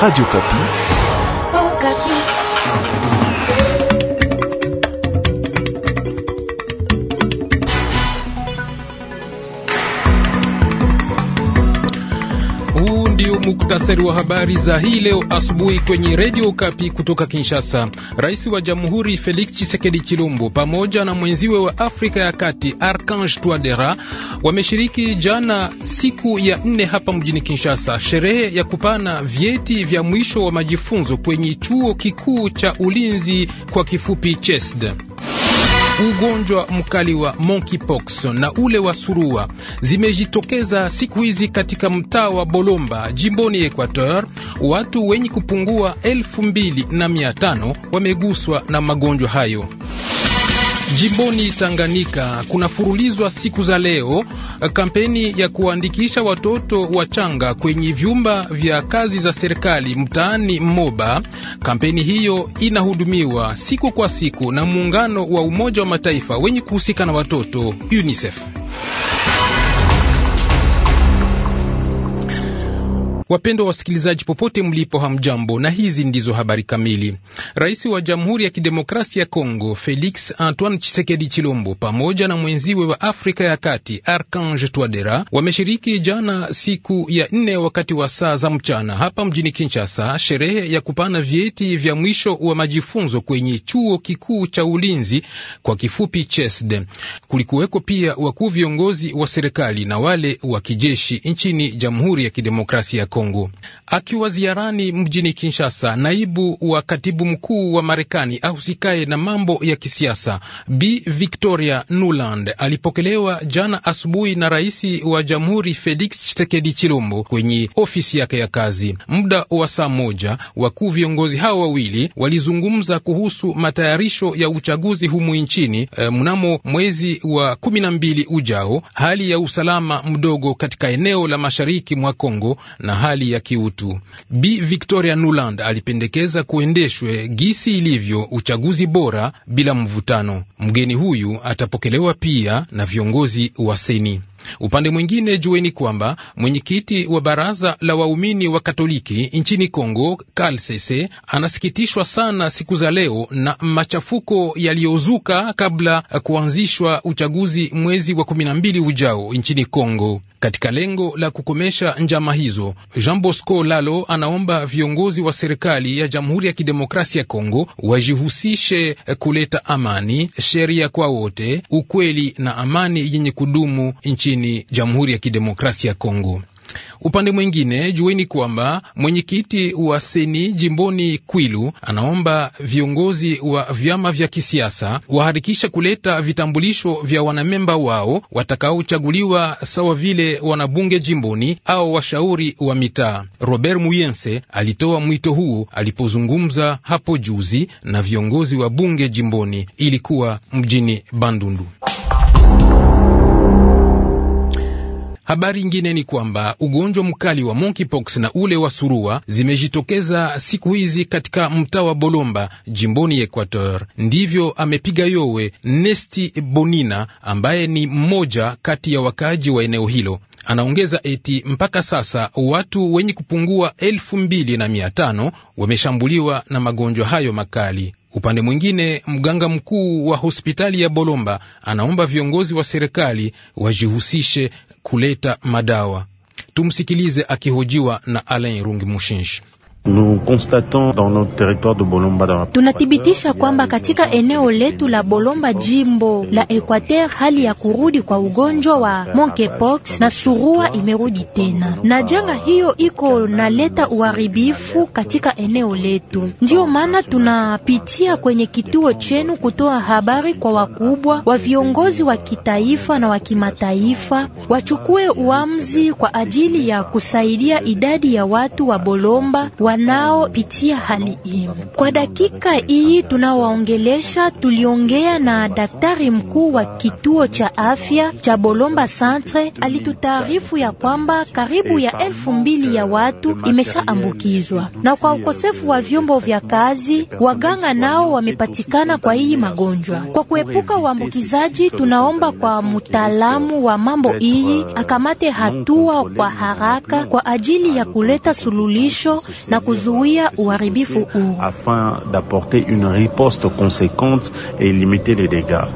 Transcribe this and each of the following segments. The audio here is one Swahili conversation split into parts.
Radio Okapi. Muktasari wa habari za hii leo asubuhi kwenye redio Kapi kutoka Kinshasa. Rais wa jamhuri Felix Chisekedi Chilombo pamoja na mwenziwe wa Afrika ya Kati Archange Touadera wameshiriki jana siku ya nne hapa mjini Kinshasa sherehe ya kupana vyeti vya mwisho wa majifunzo kwenye chuo kikuu cha ulinzi kwa kifupi CHESD. Ugonjwa mkali wa monkeypox na ule wa surua zimejitokeza siku hizi katika mtaa wa Bolomba jimboni Equateur. Watu wenye kupungua elfu mbili na mia tano wameguswa na magonjwa hayo. Jimboni Tanganyika kunafurulizwa siku za leo eh, kampeni ya kuandikisha watoto wachanga kwenye vyumba vya kazi za serikali mtaani Moba. Kampeni hiyo inahudumiwa siku kwa siku na muungano wa Umoja wa Mataifa wenye kuhusika na watoto UNICEF. Wapendwa wasikilizaji, popote mlipo, hamjambo, na hizi ndizo habari kamili. Rais wa Jamhuri ya Kidemokrasia ya Kongo Felix Antoine Tshisekedi Chilombo pamoja na mwenziwe wa Afrika ya Kati Archange Touadera wameshiriki jana siku ya nne wakati wa saa za mchana hapa mjini Kinshasa sherehe ya kupana vyeti vya mwisho wa majifunzo kwenye chuo kikuu cha ulinzi kwa kifupi CHESD. Kulikuweko pia wakuu viongozi wa serikali na wale wa kijeshi nchini Jamhuri ya Kidemokrasia Kongo. Akiwa ziarani mjini Kinshasa, naibu wa katibu mkuu wa Marekani ahusikaye na mambo ya kisiasa b Victoria Nuland alipokelewa jana asubuhi na rais wa jamhuri Felix chisekedi Chilombo kwenye ofisi yake ya kazi. Muda wa saa moja, wakuu viongozi hao wawili walizungumza kuhusu matayarisho ya uchaguzi humu nchini e, mnamo mwezi wa kumi na mbili ujao, hali ya usalama mdogo katika eneo la mashariki mwa Kongo na hali ya kiutu. Bi Victoria Nuland alipendekeza kuendeshwe gisi ilivyo uchaguzi bora bila mvutano. Mgeni huyu atapokelewa pia na viongozi wa seni. Upande mwingine, jueni kwamba mwenyekiti wa baraza la waumini wa Katoliki nchini Kongo, Kalsese, anasikitishwa sana siku za leo na machafuko yaliyozuka kabla kuanzishwa uchaguzi mwezi wa kumi na mbili ujao nchini Kongo. Katika lengo la kukomesha njama hizo, Jean Bosco Lalo anaomba viongozi wa serikali ya Jamhuri ya Kidemokrasia ya Kongo wajihusishe kuleta amani, sheria kwa wote, ukweli na amani yenye kudumu nchini nchini Jamhuri ya Kidemokrasia ya Kongo. Upande mwingine jueni kwamba mwenyekiti wa seni jimboni Kwilu anaomba viongozi wa vyama vya kisiasa waharikisha kuleta vitambulisho vya wanamemba wao watakaochaguliwa sawa vile wanabunge jimboni au washauri wa mitaa. Robert Muyense alitoa mwito huo alipozungumza hapo juzi na viongozi wa bunge jimboni, ilikuwa mjini Bandundu. Habari ingine ni kwamba ugonjwa mkali wa monkeypox na ule wa surua zimejitokeza siku hizi katika mtaa wa Bolomba jimboni Equateur. Ndivyo amepiga yowe Nesti Bonina ambaye ni mmoja kati ya wakaaji wa eneo hilo. Anaongeza eti mpaka sasa watu wenye kupungua elfu mbili na mia tano wameshambuliwa na magonjwa hayo makali. Upande mwingine, mganga mkuu wa hospitali ya Bolomba anaomba viongozi wa serikali wajihusishe kuleta madawa. Tumsikilize akihojiwa na Alain rung Mushinshi. Tunathibitisha kwamba katika eneo letu la Bolomba jimbo la Equateur hali ya kurudi kwa ugonjwa wa monkeypox na surua imerudi tena, na janga hiyo iko naleta uharibifu katika eneo letu. Ndiyo maana tunapitia kwenye kituo chenu kutoa habari kwa wakubwa wa viongozi wa kitaifa na wa kimataifa, wachukue uamuzi kwa ajili ya kusaidia idadi ya watu wa Bolomba wa wanaopitia hali hii. Kwa dakika hii tunawaongelesha, tuliongea na daktari mkuu wa kituo cha afya cha Bolomba Centre, alitutaarifu ya kwamba karibu ya elfu mbili ya watu imeshaambukizwa, na kwa ukosefu wa vyombo vya kazi waganga nao wamepatikana kwa hii magonjwa. Kwa kuepuka uambukizaji, tunaomba kwa mtaalamu wa mambo hii akamate hatua kwa haraka kwa ajili ya kuleta suluhisho na afin d'apporter une riposte conséquente et limiter les dégâts.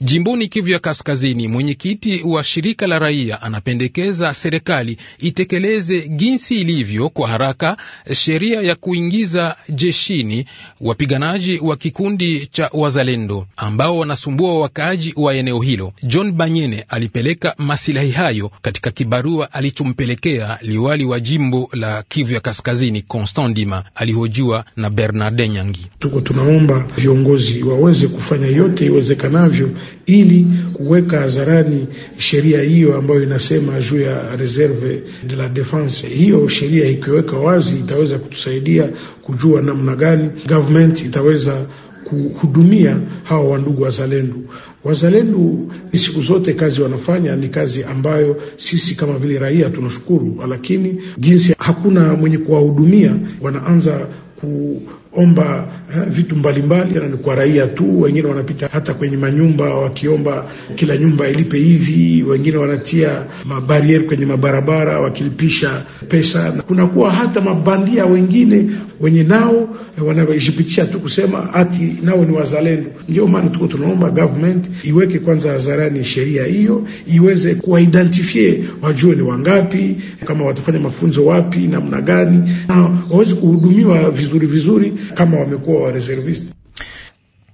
Jimboni Kivu ya Kaskazini, mwenyekiti wa shirika la raia anapendekeza serikali itekeleze jinsi ilivyo kwa haraka sheria ya kuingiza jeshini wapiganaji wa kikundi cha wazalendo ambao wanasumbua wakaaji wa eneo hilo. John Banyene alipeleka masilahi hayo katika kibarua alichompelekea liwali wa jimbo la Kivu ya Kaskazini, Constant Dima. Alihojiwa na Bernarde Nyangi. Tuko tunaomba viongozi waweze kufanya yote iwezekanavyo ili kuweka hadharani sheria hiyo ambayo inasema juu ya reserve de la defense. Hiyo sheria ikiweka wazi itaweza kutusaidia kujua namna gani government itaweza kuhudumia hawa wandugu wazalendo. Wazalendo siku zote kazi wanafanya ni kazi ambayo sisi kama vile raia tunashukuru, lakini jinsi hakuna mwenye kuwahudumia, wanaanza kuomba eh, vitu mbalimbali mbali, yaani kwa raia tu. Wengine wanapita hata kwenye manyumba wakiomba kila nyumba ilipe hivi, wengine wanatia mabarier kwenye mabarabara wakilipisha pesa. Kunakuwa hata mabandia wengine wenye nao eh, wanajipitisha tu kusema ati nao ni wazalendo. Ndio maana tuko tunaomba government iweke kwanza hadharani sheria hiyo, iweze kuwaidentifie, wajue ni wangapi, kama watafanya mafunzo wapi, namna gani, na waweze kuhudumiwa vizuri vizuri vizuri kama wamekuwa wareservisti.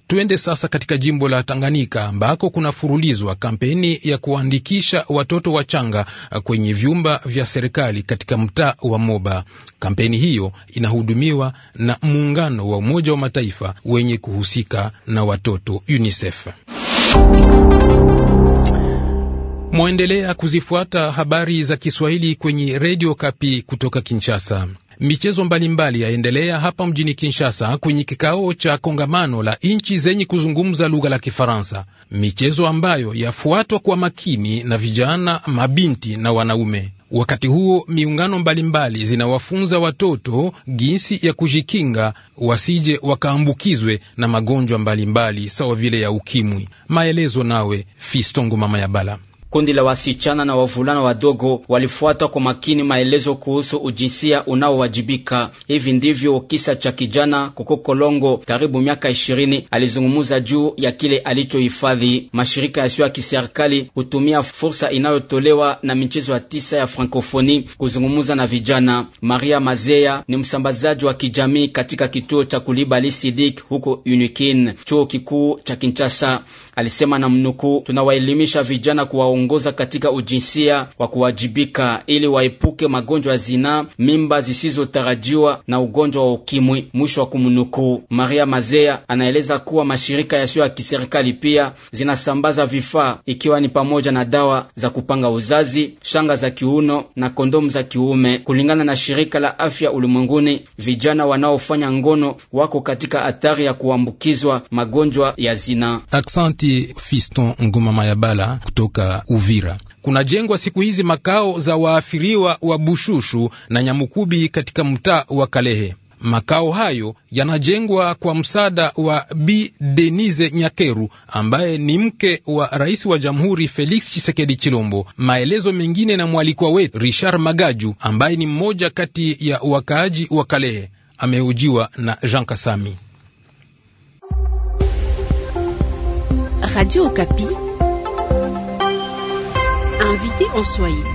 Tuende sasa katika jimbo la Tanganyika ambako kunafurulizwa kampeni ya kuandikisha watoto wachanga kwenye vyumba vya serikali katika mtaa wa Moba. Kampeni hiyo inahudumiwa na muungano wa Umoja wa Mataifa wenye kuhusika na watoto UNICEF. Mwaendelea kuzifuata habari za Kiswahili kwenye redio Kapi kutoka Kinshasa. Michezo mbalimbali yaendelea hapa mjini Kinshasa kwenye kikao cha kongamano la nchi zenye kuzungumza lugha la Kifaransa, michezo ambayo yafuatwa kwa makini na vijana, mabinti na wanaume. Wakati huo miungano mbalimbali zinawafunza watoto jinsi ya kujikinga wasije wakaambukizwe na magonjwa mbalimbali sawa vile ya ukimwi. Maelezo nawe Fistongo mama ya Bala. Kundi la wasichana na wavulana wadogo walifuata kwa makini maelezo kuhusu ujinsia unaowajibika. Hivi ndivyo kisa cha kijana koko kolongo karibu miaka ishirini, alizungumuza juu ya kile alichohifadhi. Mashirika yasiyo ya kiserikali hutumia fursa inayotolewa na michezo ya tisa ya Frankofoni kuzungumuza na vijana. Maria Mazeya ni msambazaji wa kijamii katika kituo cha Kulibali Sidik huko Unikin, chuo kikuu cha Kinshasa alisema na mnukuu, tunawaelimisha vijana kuwaongoza katika ujinsia wa kuwajibika ili waepuke magonjwa ya zinaa, mimba zisizotarajiwa na ugonjwa wa ukimwi, mwisho wa kumnukuu. Maria Mazea anaeleza kuwa mashirika yasiyo ya kiserikali pia zinasambaza vifaa ikiwa ni pamoja na dawa za kupanga uzazi, shanga za kiuno na kondomu za kiume. Kulingana na shirika la afya ulimwenguni, vijana wanaofanya ngono wako katika hatari ya kuambukizwa magonjwa ya zinaa. Merci Fiston Nguma Mayabala kutoka Uvira. Kunajengwa siku hizi makao za waathiriwa wa Bushushu na Nyamukubi katika mtaa wa Kalehe. Makao hayo yanajengwa kwa msaada wa Bi Denise Nyakeru ambaye ni mke wa rais wa jamhuri Felix Chisekedi Chilombo. Maelezo mengine na mwalikwa wetu Richard Magaju ambaye ni mmoja kati ya wakaaji wa Kalehe, ameujiwa na Jean Kasami. Radio Okapi invité en Swahili.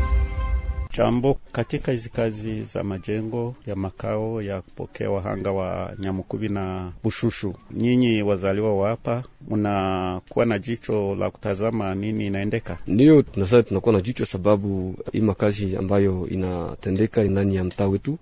Jambo, katika hizi kazi za majengo ya makao ya kupokea wahanga wa Nyamukubi na Bushushu, nyinyi wazaliwa wa hapa mnakuwa na jicho la kutazama nini inaendeka? Ndiyo, tunasema tunakuwa na jicho sababu hii makazi ambayo inatendeka ndani ya mtaa wetu,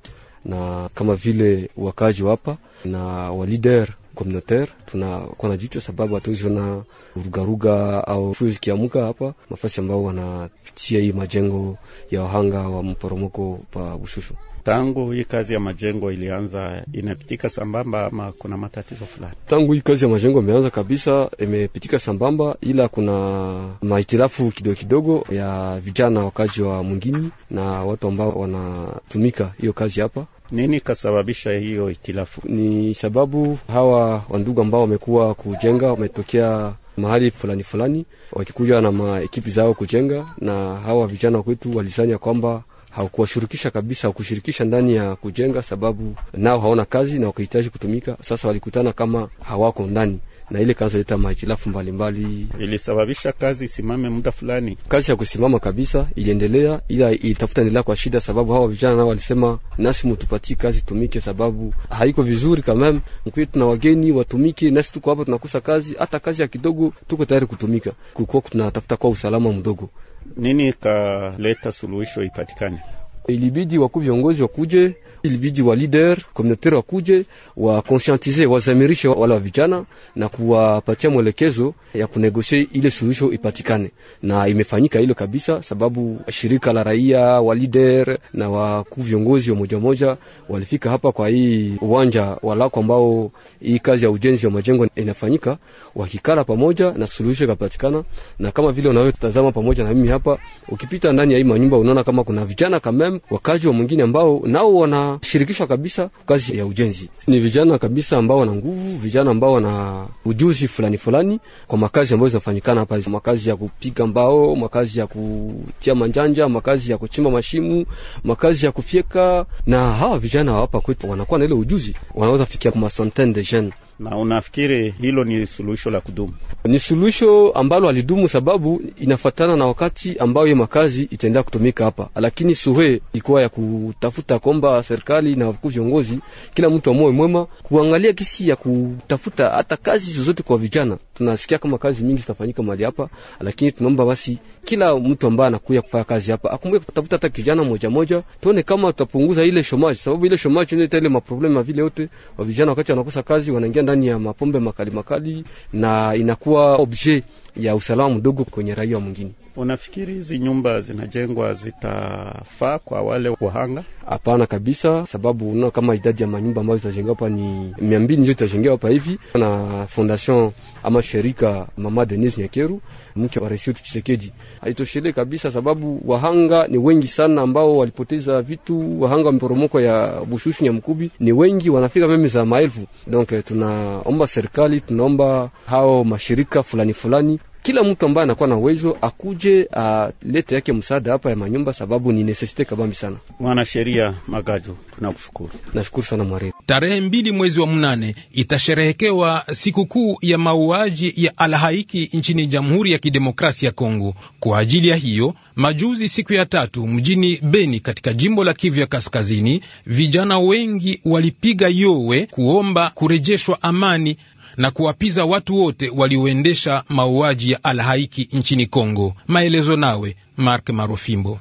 na kama vile wakazi hapa na walider communautaire tunakuwa na jicho sababu hatuziona rugaruga au fuzi kiamuka hapa nafasi ambao wanapitia hii majengo ya wahanga wa mporomoko pa Bushushu. Tangu hii kazi ya majengo ilianza, inapitika sambamba ama kuna matatizo fulani? Tangu hii kazi ya majengo imeanza kabisa, imepitika sambamba, ila kuna mahitilafu kidogo kidogo ya vijana wakazi wa mwingini na watu ambao wanatumika hiyo kazi hapa nini kasababisha hiyo itilafu? Ni sababu hawa wandugu ambao wamekuwa kujenga wametokea mahali fulani fulani, wakikuja na maekipi zao kujenga, na hawa vijana kwetu walisanya kwamba hawakuwashurukisha kabisa, hawakushirikisha ndani ya kujenga, sababu nao haona kazi na wakahitaji kutumika. Sasa walikutana kama hawako ndani na ile kazi ileta mahitilafu mbalimbali, ilisababisha kazi isimame muda fulani. Kazi ya kusimama kabisa iliendelea, ila itafuta endelea kwa shida, sababu hawa vijana nao walisema nasi mutupatie kazi tumike, sababu haiko vizuri kama mkwetu, tuna wageni watumike, nasi tuko hapa tunakosa kazi, hata kazi ya kidogo tuko tayari kutumika, kukuwa tunatafuta kwa usalama mdogo. Nini kaleta suluhisho ipatikane? Ilibidi wakuu viongozi wakuje ilibidi wa leader communautaire wakuje wakonsientize, wazamirishe wala vijana na kuwapatia mwelekezo ya kunegosie ile suluhisho ipatikane, na imefanyika hilo kabisa, sababu shirika la raia wa leader na wakuu viongozi wa moja moja walifika hapa kwa hii uwanja walako ambao hii kazi ya ujenzi wa majengo inafanyika, wakikala pamoja na suluhisho ikapatikana. Na kama vile unavyotazama pamoja na mimi hapa, ukipita ndani ya hii manyumba unaona kama kuna vijana kamem wakazi wa mwingine ambao nao wana wanashirikishwa kabisa kazi ya ujenzi. Ni vijana kabisa ambao wana nguvu, vijana ambao wana ujuzi fulani fulani kwa makazi ambayo zinafanyikana hapa, makazi ya kupiga mbao, makazi ya kutia manjanja, makazi ya kuchimba mashimu, makazi ya kufyeka. Na hawa vijana hapa kwetu wanakuwa na ile ujuzi, wanaweza fikia kwa masantene de jeunes na unafikiri hilo ni suluhisho la kudumu? Ni suluhisho ambalo alidumu, sababu inafatana na wakati ambayo hiyo makazi itaendelea kutumika hapa, lakini suhe ilikuwa ya kutafuta kwamba serikali na wakuu viongozi, kila mtu amoe mwema kuangalia kisi ya kutafuta hata kazi zozote kwa vijana tunasikia kama kazi mingi zitafanyika mahali hapa, lakini tunaomba basi kila mtu ambaye anakuja kufanya kazi hapa akumbuke kutafuta hata kijana moja moja, tuone kama tutapunguza ile shomage, sababu ile shomaji inaleta ile maproblema vile yote wa vijana. Wakati wanakosa kazi, wanaingia ndani ya mapombe makali makali, na inakuwa objet ya usalama mdogo kwenye raia mwingine. Unafikiri hizi nyumba zinajengwa zitafaa kwa wale wahanga? Hapana kabisa, sababu unaona kama idadi ya manyumba ambayo zitajengewa hapa ni mia mbili ndio itajengewa hapa hivi na fondation ama shirika Mama Denise Nyakeru, mke wa Rais wetu Tshisekedi. Haitoshele kabisa, sababu wahanga ni wengi sana ambao walipoteza vitu. Wahanga wa miporomoko ya Bushushu Nyamkubi ni wengi, wanafika meme za maelfu. Donc tunaomba serikali, tunaomba hao mashirika fulani fulani kila mtu ambaye anakuwa na uwezo akuje alete uh, yake msaada hapa ya manyumba, sababu ni necessity kabambi sana. sheria Magaju, tunakushukuru. Nashukuru sana Mwariri. Tarehe mbili mwezi wa mnane itasherehekewa sikukuu ya mauaji ya alhaiki nchini Jamhuri ya Kidemokrasia ya Kongo. Kwa ajili ya hiyo, majuzi siku ya tatu mjini Beni katika jimbo la Kivu ya Kaskazini, vijana wengi walipiga yowe kuomba kurejeshwa amani na kuwapiza watu wote walioendesha mauaji ya alhaiki nchini Kongo. Maelezo nawe Mark Marofimbo,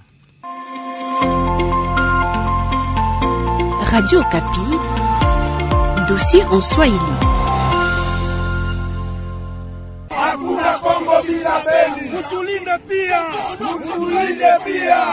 Radio Okapi, dossier en Swahili. Hakuna Kongo bila Beni, pia, pia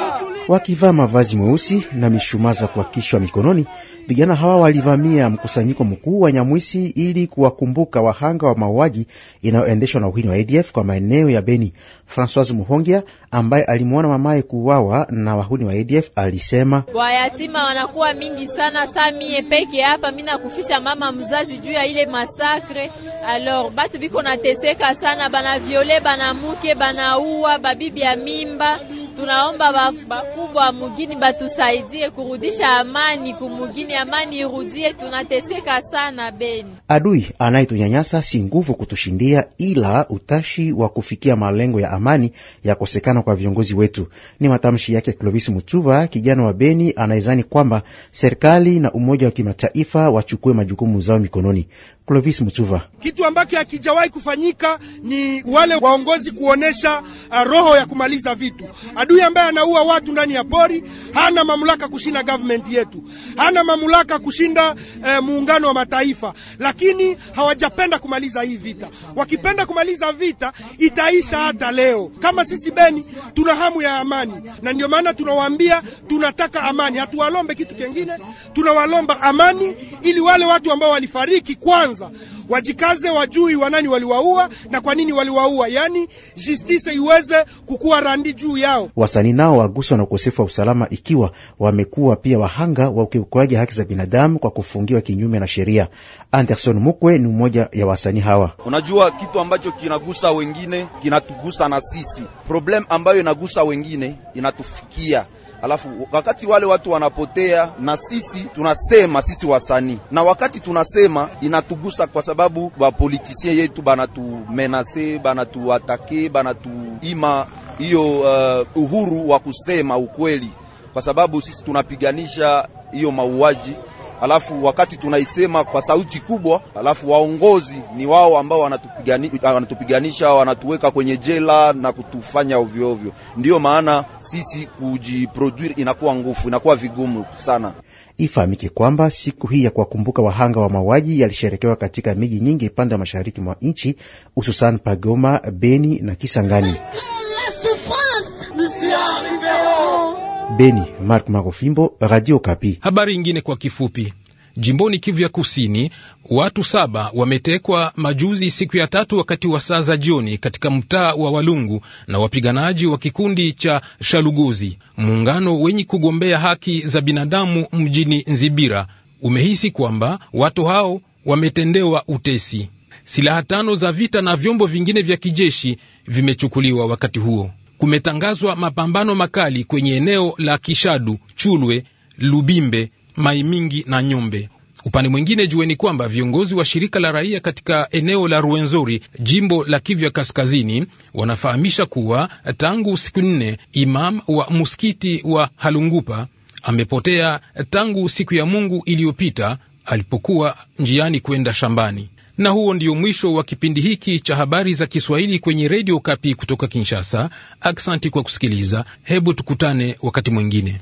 wakivaa mavazi mweusi na mishumaa za kuakishwa mikononi. Vijana hawa walivamia mkusanyiko mkuu wa Nyamwisi ili kuwakumbuka wahanga wa mauaji inayoendeshwa na uhini wa ADF kwa maeneo ya Beni. Francois Muhongia ambaye alimwona mamaye kuuawa na wahuni wa ADF alisema wayatima wanakuwa mingi sana, saa mie peke hapa mina kufisha mama mzazi juu ya ile masakre. Alor batu biko nateseka sana, banavyole banamuke bana muke, babibi ya mimba tunaomba bakubwa mugini batusaidie kurudisha amani kumugini, amani irudie, tunateseka sana Beni. Adui anayetunyanyasa si nguvu kutushindia, ila utashi wa kufikia malengo ya amani yakosekana kwa viongozi wetu. Ni matamshi yake Clovis Mutuva, kijana wa Beni anaezani kwamba serikali na umoja wa kimataifa wachukue majukumu zao mikononi. Clovis Mchuva. Kitu ambacho hakijawahi kufanyika ni wale waongozi kuonesha uh, roho ya kumaliza vitu. Adui ambaye anaua watu ndani ya pori hana mamlaka kushinda government yetu, hana mamlaka kushinda eh, muungano wa mataifa, lakini hawajapenda kumaliza hii vita. Wakipenda kumaliza vita itaisha hata leo. Kama sisi Beni tuna hamu ya amani, na ndio maana tunawaambia tunataka amani, hatuwalombe kitu kingine, tunawalomba amani ili wale watu ambao walifariki kwanza kwanza, wajikaze, wajui wanani waliwaua na kwa nini waliwaua, yani justice iweze kukuwa randi juu yao. Wasanii nao waguswa na ukosefu wa usalama, ikiwa wamekuwa pia wahanga wa ukiukaji haki za binadamu kwa kufungiwa kinyume na sheria. Anderson Mukwe ni mmoja ya wasanii hawa. Unajua, kitu ambacho kinagusa wengine kinatugusa na sisi, problem ambayo inagusa wengine inatufikia Alafu wakati wale watu wanapotea, na sisi tunasema sisi wasanii, na wakati tunasema inatugusa, kwa sababu bapolitisien yetu banatumenase, banatuatake, banatuima hiyo uh, uhuru wa kusema ukweli, kwa sababu sisi tunapiganisha hiyo mauaji alafu wakati tunaisema kwa sauti kubwa, alafu waongozi ni wao ambao wanatupigani, wanatupiganisha wanatuweka kwenye jela na kutufanya ovyo ovyo. Ndiyo maana sisi kujiproduire inakuwa ngufu, inakuwa vigumu sana. Ifahamike kwamba siku hii ya kuwakumbuka wahanga wa mauaji yalisherekewa katika miji nyingi pande ya mashariki mwa nchi, hususan Pagoma, Beni na Kisangani. Beni, Mark Marofimbo, Radio Kapi. Habari ingine kwa kifupi. Jimboni Kivu ya Kusini, watu saba wametekwa majuzi siku ya tatu wakati wa saa za jioni katika mtaa wa Walungu na wapiganaji wa kikundi cha Shaluguzi, muungano wenye kugombea haki za binadamu mjini Nzibira umehisi kwamba watu hao wametendewa utesi. Silaha tano za vita na vyombo vingine vya kijeshi vimechukuliwa wakati huo kumetangazwa mapambano makali kwenye eneo la Kishadu, Chulwe, Lubimbe, Maimingi na Nyombe. Upande mwingine jueni kwamba viongozi wa shirika la raia katika eneo la Ruenzori, jimbo la Kivu ya Kaskazini, wanafahamisha kuwa tangu siku nne imam wa muskiti wa Halungupa amepotea tangu siku ya Mungu iliyopita alipokuwa njiani kwenda shambani. Na huo ndio mwisho wa kipindi hiki cha habari za Kiswahili kwenye redio Kapi kutoka Kinshasa. Aksanti kwa kusikiliza. Hebu tukutane wakati mwingine.